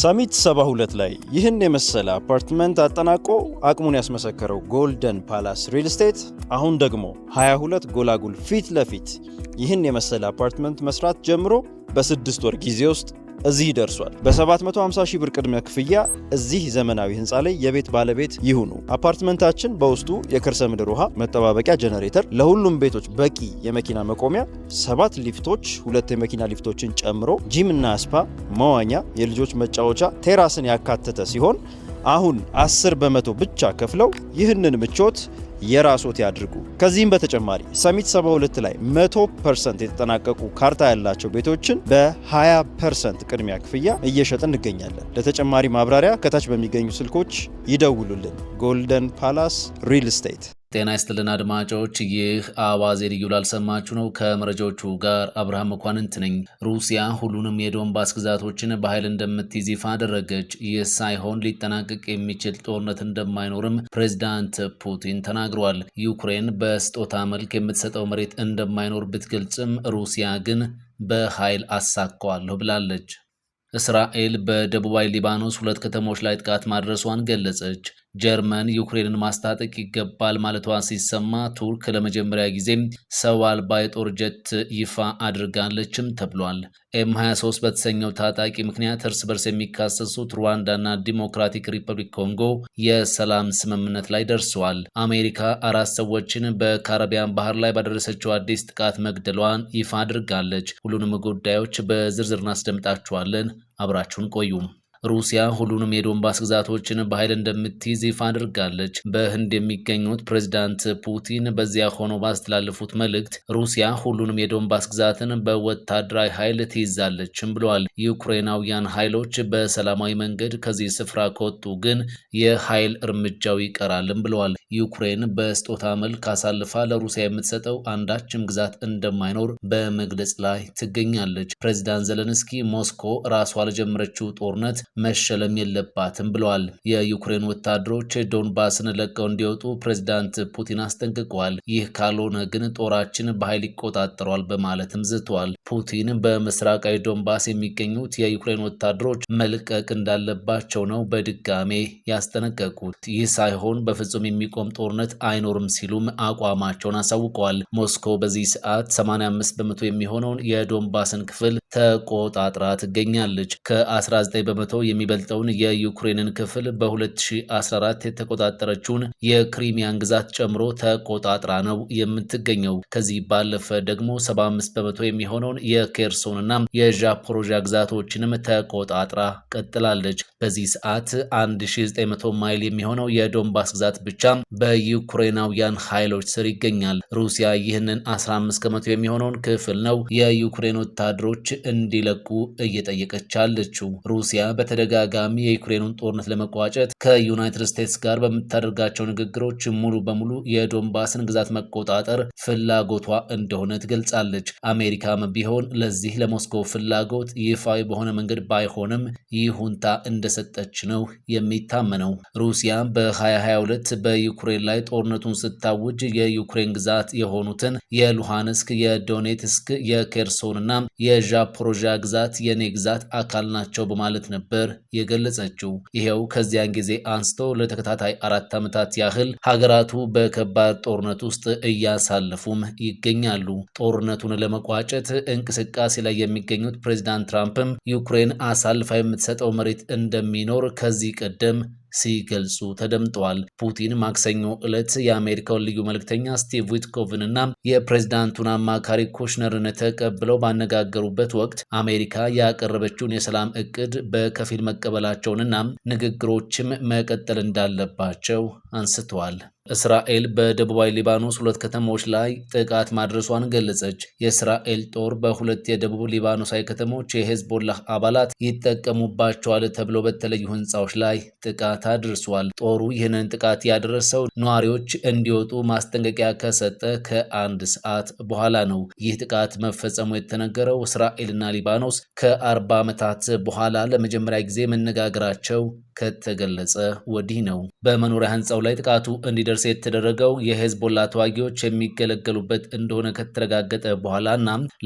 ሰሚት 72 ላይ ይህን የመሰለ አፓርትመንት አጠናቆ አቅሙን ያስመሰከረው ጎልደን ፓላስ ሪል ስቴት አሁን ደግሞ 22 ጎላጉል ፊት ለፊት ይህን የመሰለ አፓርትመንት መስራት ጀምሮ በስድስት ወር ጊዜ ውስጥ እዚህ ደርሷል። በ750 ሺህ ብር ቅድሚያ ክፍያ እዚህ ዘመናዊ ህንፃ ላይ የቤት ባለቤት ይሁኑ። አፓርትመንታችን በውስጡ የከርሰ ምድር ውሃ መጠባበቂያ፣ ጀነሬተር፣ ለሁሉም ቤቶች በቂ የመኪና መቆሚያ፣ ሰባት ሊፍቶች፣ ሁለት የመኪና ሊፍቶችን ጨምሮ ጂም እና ስፓ፣ መዋኛ፣ የልጆች መጫወቻ፣ ቴራስን ያካተተ ሲሆን አሁን 10 በመቶ ብቻ ከፍለው ይህንን ምቾት የራስዎት ያድርጉ። ከዚህም በተጨማሪ ሰሚት 72 ላይ 100 የተጠናቀቁ ካርታ ያላቸው ቤቶችን በ20 ቅድሚያ ክፍያ እየሸጥ እንገኛለን። ለተጨማሪ ማብራሪያ ከታች በሚገኙ ስልኮች ይደውሉልን። ጎልደን ፓላስ ሪል ስቴት ጤና ይስጥልን አድማጮች፣ ይህ አዋዜ ልዩ ላልሰማችሁ ነው። ከመረጃዎቹ ጋር አብርሃም መኳንንት ነኝ። ሩሲያ ሁሉንም የዶንባስ ግዛቶችን በኃይል እንደምትይዝ ይፋ አደረገች። ይህ ሳይሆን ሊጠናቀቅ የሚችል ጦርነት እንደማይኖርም ፕሬዚዳንት ፑቲን ተናግረዋል። ዩክሬን በስጦታ መልክ የምትሰጠው መሬት እንደማይኖር ብትገልጽም ሩሲያ ግን በኃይል አሳካዋለሁ ብላለች። እስራኤል በደቡባዊ ሊባኖስ ሁለት ከተሞች ላይ ጥቃት ማድረሷን ገለጸች። ጀርመን ዩክሬንን ማስታጠቅ ይገባል ማለቷ ሲሰማ ቱርክ ለመጀመሪያ ጊዜም ሰው አልባ የጦር ጀት ይፋ አድርጋለችም ተብሏል። ኤም 23 በተሰኘው ታጣቂ ምክንያት እርስ በርስ የሚካሰሱት ሩዋንዳና ዲሞክራቲክ ሪፐብሊክ ኮንጎ የሰላም ስምምነት ላይ ደርሰዋል። አሜሪካ አራት ሰዎችን በካረቢያን ባህር ላይ ባደረሰችው አዲስ ጥቃት መግደሏን ይፋ አድርጋለች። ሁሉንም ጉዳዮች በዝርዝር እናስደምጣችኋለን። አብራችሁን ቆዩም ሩሲያ ሁሉንም የዶንባስ ግዛቶችን በኃይል እንደምትይዝ ይፋ አድርጋለች። በህንድ የሚገኙት ፕሬዚዳንት ፑቲን በዚያ ሆኖ ባስተላለፉት መልእክት ሩሲያ ሁሉንም የዶንባስ ግዛትን በወታደራዊ ኃይል ትይዛለችም ብለዋል። ዩክሬናውያን ኃይሎች በሰላማዊ መንገድ ከዚህ ስፍራ ከወጡ ግን የኃይል እርምጃው ይቀራልም ብለዋል። ዩክሬን በስጦታ መልክ አሳልፋ ለሩሲያ የምትሰጠው አንዳችም ግዛት እንደማይኖር በመግለጽ ላይ ትገኛለች። ፕሬዚዳንት ዘለንስኪ ሞስኮ ራሷ ለጀመረችው ጦርነት መሸለም የለባትም ብለዋል። የዩክሬን ወታደሮች ዶንባስን ለቀው እንዲወጡ ፕሬዚዳንት ፑቲን አስጠንቅቀዋል። ይህ ካልሆነ ግን ጦራችን በኃይል ይቆጣጠሯል በማለትም ዝተዋል። ፑቲን በምስራቃዊ ዶንባስ የሚገኙት የዩክሬን ወታደሮች መልቀቅ እንዳለባቸው ነው በድጋሜ ያስጠነቀቁት። ይህ ሳይሆን በፍጹም የሚቆም ጦርነት አይኖርም ሲሉም አቋማቸውን አሳውቀዋል። ሞስኮ በዚህ ሰዓት 85 በመቶ የሚሆነውን የዶንባስን ክፍል ተቆጣጥራ ትገኛለች። ከ19 በመቶ የሚበልጠውን የዩክሬንን ክፍል በ2014 የተቆጣጠረችውን የክሪሚያን ግዛት ጨምሮ ተቆጣጥራ ነው የምትገኘው። ከዚህ ባለፈ ደግሞ 75 በመቶ የሚሆነውን የኬርሶንና የዣፖሮዣ ግዛቶችንም ተቆጣጥራ ቀጥላለች። በዚህ ሰዓት 1900 ማይል የሚሆነው የዶንባስ ግዛት ብቻ በዩክሬናውያን ኃይሎች ስር ይገኛል። ሩሲያ ይህንን 15 ከመቶ የሚሆነውን ክፍል ነው የዩክሬን ወታደሮች እንዲለቁ እየጠየቀች አለችው። ሩሲያ በተ በተደጋጋሚ የዩክሬኑን ጦርነት ለመቋጨት ከዩናይትድ ስቴትስ ጋር በምታደርጋቸው ንግግሮች ሙሉ በሙሉ የዶንባስን ግዛት መቆጣጠር ፍላጎቷ እንደሆነ ትገልጻለች። አሜሪካም ቢሆን ለዚህ ለሞስኮ ፍላጎት ይፋዊ በሆነ መንገድ ባይሆንም ይሁንታ እንደሰጠች ነው የሚታመነው። ሩሲያ በ2022 በዩክሬን ላይ ጦርነቱን ስታውጅ የዩክሬን ግዛት የሆኑትን የሉሃንስክ፣ የዶኔትስክ፣ የኬርሶን እና የዣፖሮዣ ግዛት የኔ ግዛት አካል ናቸው በማለት ነበር እንደነበር የገለጸችው። ይሄው ከዚያን ጊዜ አንስቶ ለተከታታይ አራት ዓመታት ያህል ሀገራቱ በከባድ ጦርነት ውስጥ እያሳለፉም ይገኛሉ። ጦርነቱን ለመቋጨት እንቅስቃሴ ላይ የሚገኙት ፕሬዚዳንት ትራምፕም ዩክሬን አሳልፋ የምትሰጠው መሬት እንደሚኖር ከዚህ ቀደም ሲገልጹ ተደምጠዋል። ፑቲን ማክሰኞ ዕለት የአሜሪካውን ልዩ መልእክተኛ ስቲቭ ዊትኮቭን እና የፕሬዝዳንቱን አማካሪ ኩሽነርን ተቀብለው ባነጋገሩበት ወቅት አሜሪካ ያቀረበችውን የሰላም እቅድ በከፊል መቀበላቸውንና ንግግሮችም መቀጠል እንዳለባቸው አንስተዋል። እስራኤል በደቡባዊ ሊባኖስ ሁለት ከተሞች ላይ ጥቃት ማድረሷን ገለጸች። የእስራኤል ጦር በሁለት የደቡብ ሊባኖሳዊ ከተሞች የሄዝቦላህ አባላት ይጠቀሙባቸዋል ተብሎ በተለዩ ሕንፃዎች ላይ ጥቃት አድርሷል። ጦሩ ይህንን ጥቃት ያደረሰው ነዋሪዎች እንዲወጡ ማስጠንቀቂያ ከሰጠ ከአንድ ሰዓት በኋላ ነው። ይህ ጥቃት መፈጸሙ የተነገረው እስራኤልና ሊባኖስ ከአርባ ዓመታት በኋላ ለመጀመሪያ ጊዜ መነጋገራቸው ከተገለጸ ወዲህ ነው። በመኖሪያ ህንፃው ላይ ጥቃቱ እንዲደርስ የተደረገው የሄዝቦላ ተዋጊዎች የሚገለገሉበት እንደሆነ ከተረጋገጠ በኋላና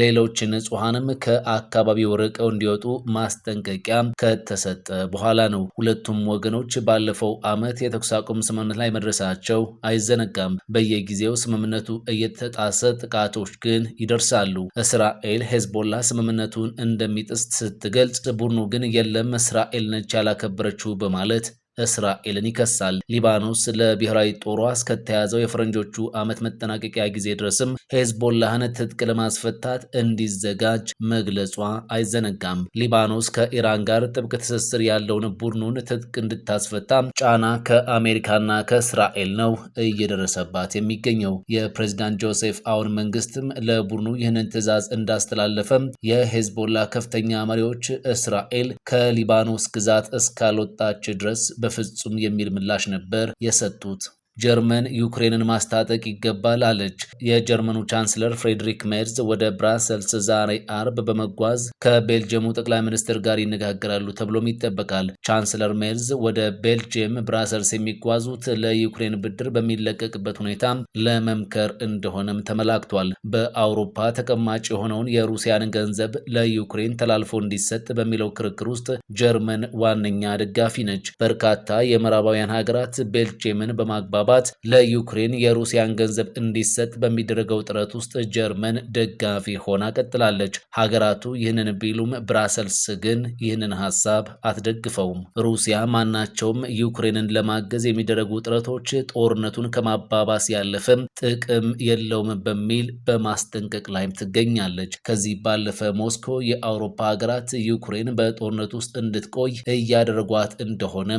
ሌሎች ንጹሐንም ከአካባቢው ርቀው እንዲወጡ ማስጠንቀቂያ ከተሰጠ በኋላ ነው። ሁለቱም ወገኖች ባለፈው ዓመት የተኩስ አቁም ስምምነት ላይ መድረሳቸው አይዘነጋም። በየጊዜው ስምምነቱ እየተጣሰ ጥቃቶች ግን ይደርሳሉ። እስራኤል ሄዝቦላ ስምምነቱን እንደሚጥስ ስትገልጽ፣ ቡድኑ ግን የለም እስራኤል ነች ያላከበረችው በማለት እስራኤልን ይከሳል። ሊባኖስ ለብሔራዊ ጦሯ እስከተያዘው የፈረንጆቹ ዓመት መጠናቀቂያ ጊዜ ድረስም ሄዝቦላህን ትጥቅ ለማስፈታት እንዲዘጋጅ መግለጿ አይዘነጋም። ሊባኖስ ከኢራን ጋር ጥብቅ ትስስር ያለውን ቡድኑን ትጥቅ እንድታስፈታ ጫና ከአሜሪካና ከእስራኤል ነው እየደረሰባት የሚገኘው። የፕሬዚዳንት ጆሴፍ አውን መንግስትም ለቡድኑ ይህንን ትዕዛዝ እንዳስተላለፈም የሄዝቦላ ከፍተኛ መሪዎች እስራኤል ከሊባኖስ ግዛት እስካልወጣች ድረስ በፍጹም የሚል ምላሽ ነበር የሰጡት። ጀርመን ዩክሬንን ማስታጠቅ ይገባል አለች። የጀርመኑ ቻንስለር ፍሬድሪክ ሜርዝ ወደ ብራሰልስ ዛሬ አርብ በመጓዝ ከቤልጅየሙ ጠቅላይ ሚኒስትር ጋር ይነጋገራሉ ተብሎም ይጠበቃል። ቻንስለር ሜርዝ ወደ ቤልጅየም ብራሰልስ የሚጓዙት ለዩክሬን ብድር በሚለቀቅበት ሁኔታ ለመምከር እንደሆነም ተመላክቷል። በአውሮፓ ተቀማጭ የሆነውን የሩሲያን ገንዘብ ለዩክሬን ተላልፎ እንዲሰጥ በሚለው ክርክር ውስጥ ጀርመን ዋነኛ ደጋፊ ነች። በርካታ የምዕራባውያን ሀገራት ቤልጅየምን በማግባባት ለዩክሬን የሩሲያን ገንዘብ እንዲሰጥ በሚደረገው ጥረት ውስጥ ጀርመን ደጋፊ ሆና ቀጥላለች። ሀገራቱ ይህንን ቢሉም ብራሰልስ ግን ይህንን ሀሳብ አትደግፈውም። ሩሲያ ማናቸውም ዩክሬንን ለማገዝ የሚደረጉ ጥረቶች ጦርነቱን ከማባባስ ያለፈም ጥቅም የለውም በሚል በማስጠንቀቅ ላይም ትገኛለች። ከዚህ ባለፈ ሞስኮ የአውሮፓ ሀገራት ዩክሬን በጦርነት ውስጥ እንድትቆይ እያደረጓት እንደሆነ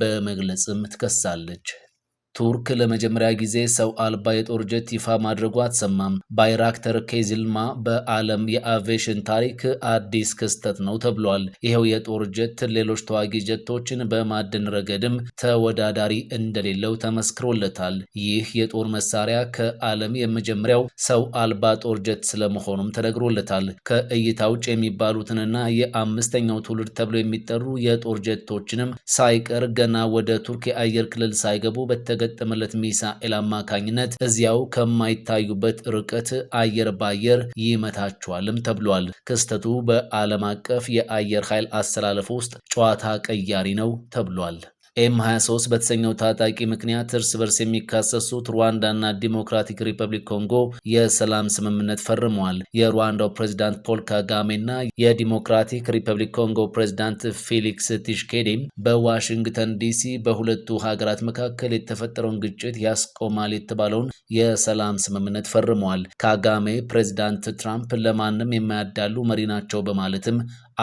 በመግለጽም ትከሳለች። ቱርክ ለመጀመሪያ ጊዜ ሰው አልባ የጦር ጀት ይፋ ማድረጉ አትሰማም። ባይራክተር ኬዝልማ በዓለም የአቪዬሽን ታሪክ አዲስ ክስተት ነው ተብሏል። ይኸው የጦር ጀት ሌሎች ተዋጊ ጀቶችን በማደን ረገድም ተወዳዳሪ እንደሌለው ተመስክሮለታል። ይህ የጦር መሳሪያ ከዓለም የመጀመሪያው ሰው አልባ ጦር ጀት ስለመሆኑም ተነግሮለታል። ከእይታ ውጭ የሚባሉትንና የአምስተኛው ትውልድ ተብለው የሚጠሩ የጦር ጀቶችንም ሳይቀር ገና ወደ ቱርክ የአየር ክልል ሳይገቡ በተገ በገጠመለት ሚሳኤል አማካኝነት እዚያው ከማይታዩበት ርቀት አየር በአየር ይመታቸዋልም ተብሏል። ክስተቱ በዓለም አቀፍ የአየር ኃይል አሰላለፍ ውስጥ ጨዋታ ቀያሪ ነው ተብሏል። ኤም 23 በተሰኘው ታጣቂ ምክንያት እርስ በርስ የሚካሰሱት ሩዋንዳና ዲሞክራቲክ ሪፐብሊክ ኮንጎ የሰላም ስምምነት ፈርመዋል። የሩዋንዳው ፕሬዚዳንት ፖል ካጋሜና የዲሞክራቲክ ሪፐብሊክ ኮንጎ ፕሬዚዳንት ፌሊክስ ቲሽኬዴም በዋሽንግተን ዲሲ በሁለቱ ሀገራት መካከል የተፈጠረውን ግጭት ያስቆማል የተባለውን የሰላም ስምምነት ፈርመዋል። ካጋሜ ፕሬዚዳንት ትራምፕ ለማንም የማያዳሉ መሪ ናቸው በማለትም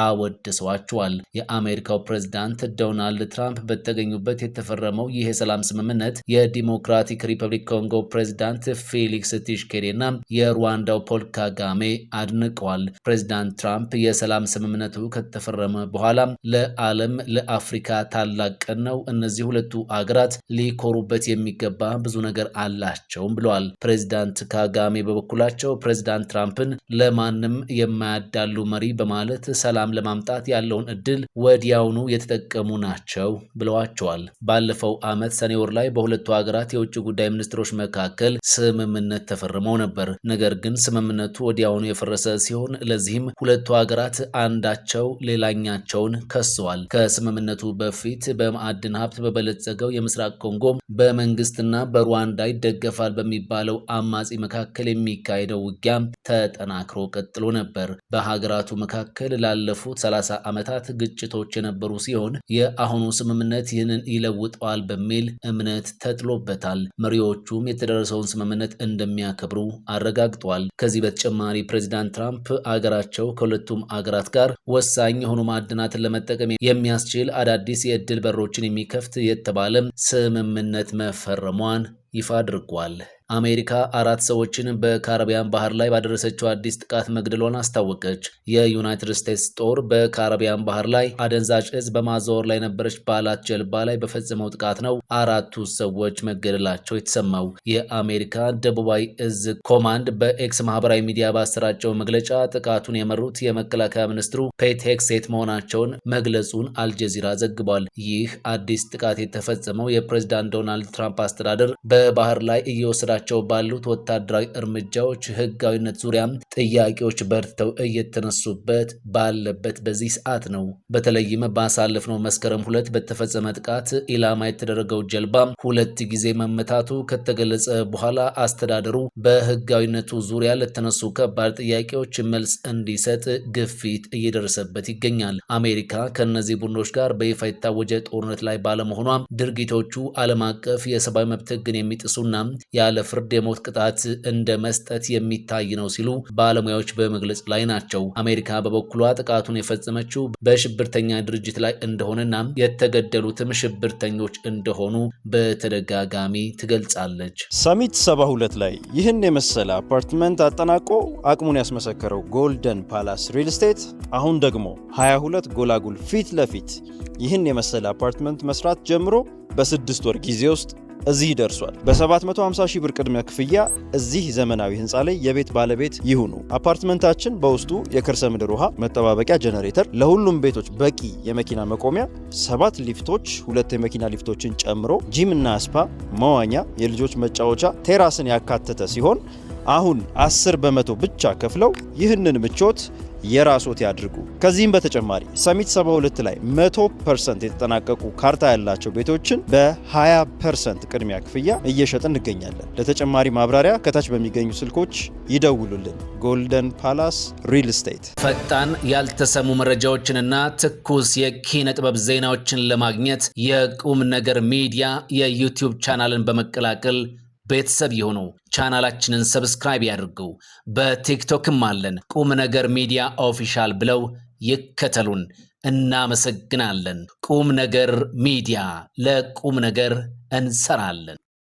አወድሰዋቸዋል። የአሜሪካው ፕሬዝዳንት ዶናልድ ትራምፕ በተገኙበት የተፈረመው ይህ የሰላም ስምምነት የዲሞክራቲክ ሪፐብሊክ ኮንጎ ፕሬዝዳንት ፌሊክስ ቲሽኬዴና የሩዋንዳው ፖል ካጋሜ አድንቀዋል። ፕሬዚዳንት ትራምፕ የሰላም ስምምነቱ ከተፈረመ በኋላ ለዓለም ለአፍሪካ ታላቅ ቀን ነው፣ እነዚህ ሁለቱ አገራት ሊኮሩበት የሚገባ ብዙ ነገር አላቸውም ብለዋል። ፕሬዚዳንት ካጋሜ በበኩላቸው ፕሬዝዳንት ትራምፕን ለማንም የማያዳሉ መሪ በማለት ሰላም ሰላም ለማምጣት ያለውን እድል ወዲያውኑ የተጠቀሙ ናቸው ብለዋቸዋል። ባለፈው ዓመት ሰኔ ወር ላይ በሁለቱ ሀገራት የውጭ ጉዳይ ሚኒስትሮች መካከል ስምምነት ተፈርመው ነበር። ነገር ግን ስምምነቱ ወዲያውኑ የፈረሰ ሲሆን ለዚህም ሁለቱ ሀገራት አንዳቸው ሌላኛቸውን ከሰዋል። ከስምምነቱ በፊት በማዕድን ሀብት በበለጸገው የምስራቅ ኮንጎም በመንግስትና በሩዋንዳ ይደገፋል በሚባለው አማጺ መካከል የሚካሄደው ውጊያ ተጠናክሮ ቀጥሎ ነበር። በሀገራቱ መካከል ላለ ላለፉት 30 ዓመታት ግጭቶች የነበሩ ሲሆን የአሁኑ ስምምነት ይህንን ይለውጠዋል በሚል እምነት ተጥሎበታል። መሪዎቹም የተደረሰውን ስምምነት እንደሚያከብሩ አረጋግጧል። ከዚህ በተጨማሪ ፕሬዚዳንት ትራምፕ አገራቸው ከሁለቱም አገራት ጋር ወሳኝ የሆኑ ማዕድናትን ለመጠቀም የሚያስችል አዳዲስ የእድል በሮችን የሚከፍት የተባለም ስምምነት መፈረሟን ይፋ አድርጓል። አሜሪካ አራት ሰዎችን በካረቢያን ባህር ላይ ባደረሰችው አዲስ ጥቃት መግደሏን አስታወቀች። የዩናይትድ ስቴትስ ጦር በካረቢያን ባህር ላይ አደንዛዥ እጽ በማዛወር ላይ ነበረች ባላት ጀልባ ላይ በፈጸመው ጥቃት ነው አራቱ ሰዎች መገደላቸው የተሰማው። የአሜሪካ ደቡባዊ እዝ ኮማንድ በኤክስ ማህበራዊ ሚዲያ ባሰራጨው መግለጫ ጥቃቱን የመሩት የመከላከያ ሚኒስትሩ ፔት ሄግሴት መሆናቸውን መግለጹን አልጀዚራ ዘግቧል። ይህ አዲስ ጥቃት የተፈጸመው የፕሬዚዳንት ዶናልድ ትራምፕ አስተዳደር በባህር ላይ እየወሰዳቸው እየተወሰደባቸው ባሉት ወታደራዊ እርምጃዎች ህጋዊነት ዙሪያም ጥያቄዎች በርትተው እየተነሱበት ባለበት በዚህ ሰዓት ነው። በተለይም ባሳለፍነው መስከረም ሁለት በተፈጸመ ጥቃት ኢላማ የተደረገው ጀልባ ሁለት ጊዜ መመታቱ ከተገለጸ በኋላ አስተዳደሩ በህጋዊነቱ ዙሪያ ለተነሱ ከባድ ጥያቄዎች መልስ እንዲሰጥ ግፊት እየደረሰበት ይገኛል። አሜሪካ ከእነዚህ ቡድኖች ጋር በይፋ የታወጀ ጦርነት ላይ ባለመሆኗ ድርጊቶቹ ዓለም አቀፍ የሰብአዊ መብት ህግን የሚጥሱና ያለ ፍርድ የሞት ቅጣት እንደ መስጠት የሚታይ ነው ሲሉ ባለሙያዎች በመግለጽ ላይ ናቸው። አሜሪካ በበኩሏ ጥቃቱን የፈጸመችው በሽብርተኛ ድርጅት ላይ እንደሆነና የተገደሉትም ሽብርተኞች እንደሆኑ በተደጋጋሚ ትገልጻለች። ሰሚት 72 ላይ ይህን የመሰለ አፓርትመንት አጠናቆ አቅሙን ያስመሰከረው ጎልደን ፓላስ ሪል ስቴት አሁን ደግሞ 22 ጎላጉል ፊት ለፊት ይህን የመሰለ አፓርትመንት መስራት ጀምሮ በስድስት ወር ጊዜ ውስጥ እዚህ ደርሷል በ በ750 ሺህ ብር ቅድመ ክፍያ እዚህ ዘመናዊ ህንፃ ላይ የቤት ባለቤት ይሁኑ። አፓርትመንታችን በውስጡ የከርሰ ምድር ውሃ፣ መጠባበቂያ፣ ጀነሬተር፣ ለሁሉም ቤቶች በቂ የመኪና መቆሚያ፣ ሰባት ሊፍቶች፣ ሁለት የመኪና ሊፍቶችን ጨምሮ ጂም እና ስፓ፣ መዋኛ፣ የልጆች መጫወቻ፣ ቴራስን ያካተተ ሲሆን አሁን 10 በመቶ ብቻ ከፍለው ይህንን ምቾት የራስዎት ያድርጉ። ከዚህም በተጨማሪ ሰሚት 72 ላይ 100 የተጠናቀቁ ካርታ ያላቸው ቤቶችን በ20 ቅድሚያ ክፍያ እየሸጥ እንገኛለን። ለተጨማሪ ማብራሪያ ከታች በሚገኙ ስልኮች ይደውሉልን። ጎልደን ፓላስ ሪል ስቴት። ፈጣን ያልተሰሙ መረጃዎችንና ትኩስ የኪነ ጥበብ ዜናዎችን ለማግኘት የቁም ነገር ሚዲያ የዩቲዩብ ቻናልን በመቀላቀል ቤተሰብ የሆኑ ቻናላችንን ሰብስክራይብ ያድርገው። በቲክቶክም አለን። ቁም ነገር ሚዲያ ኦፊሻል ብለው ይከተሉን። እናመሰግናለን። ቁም ነገር ሚዲያ ለቁም ነገር እንሰራለን።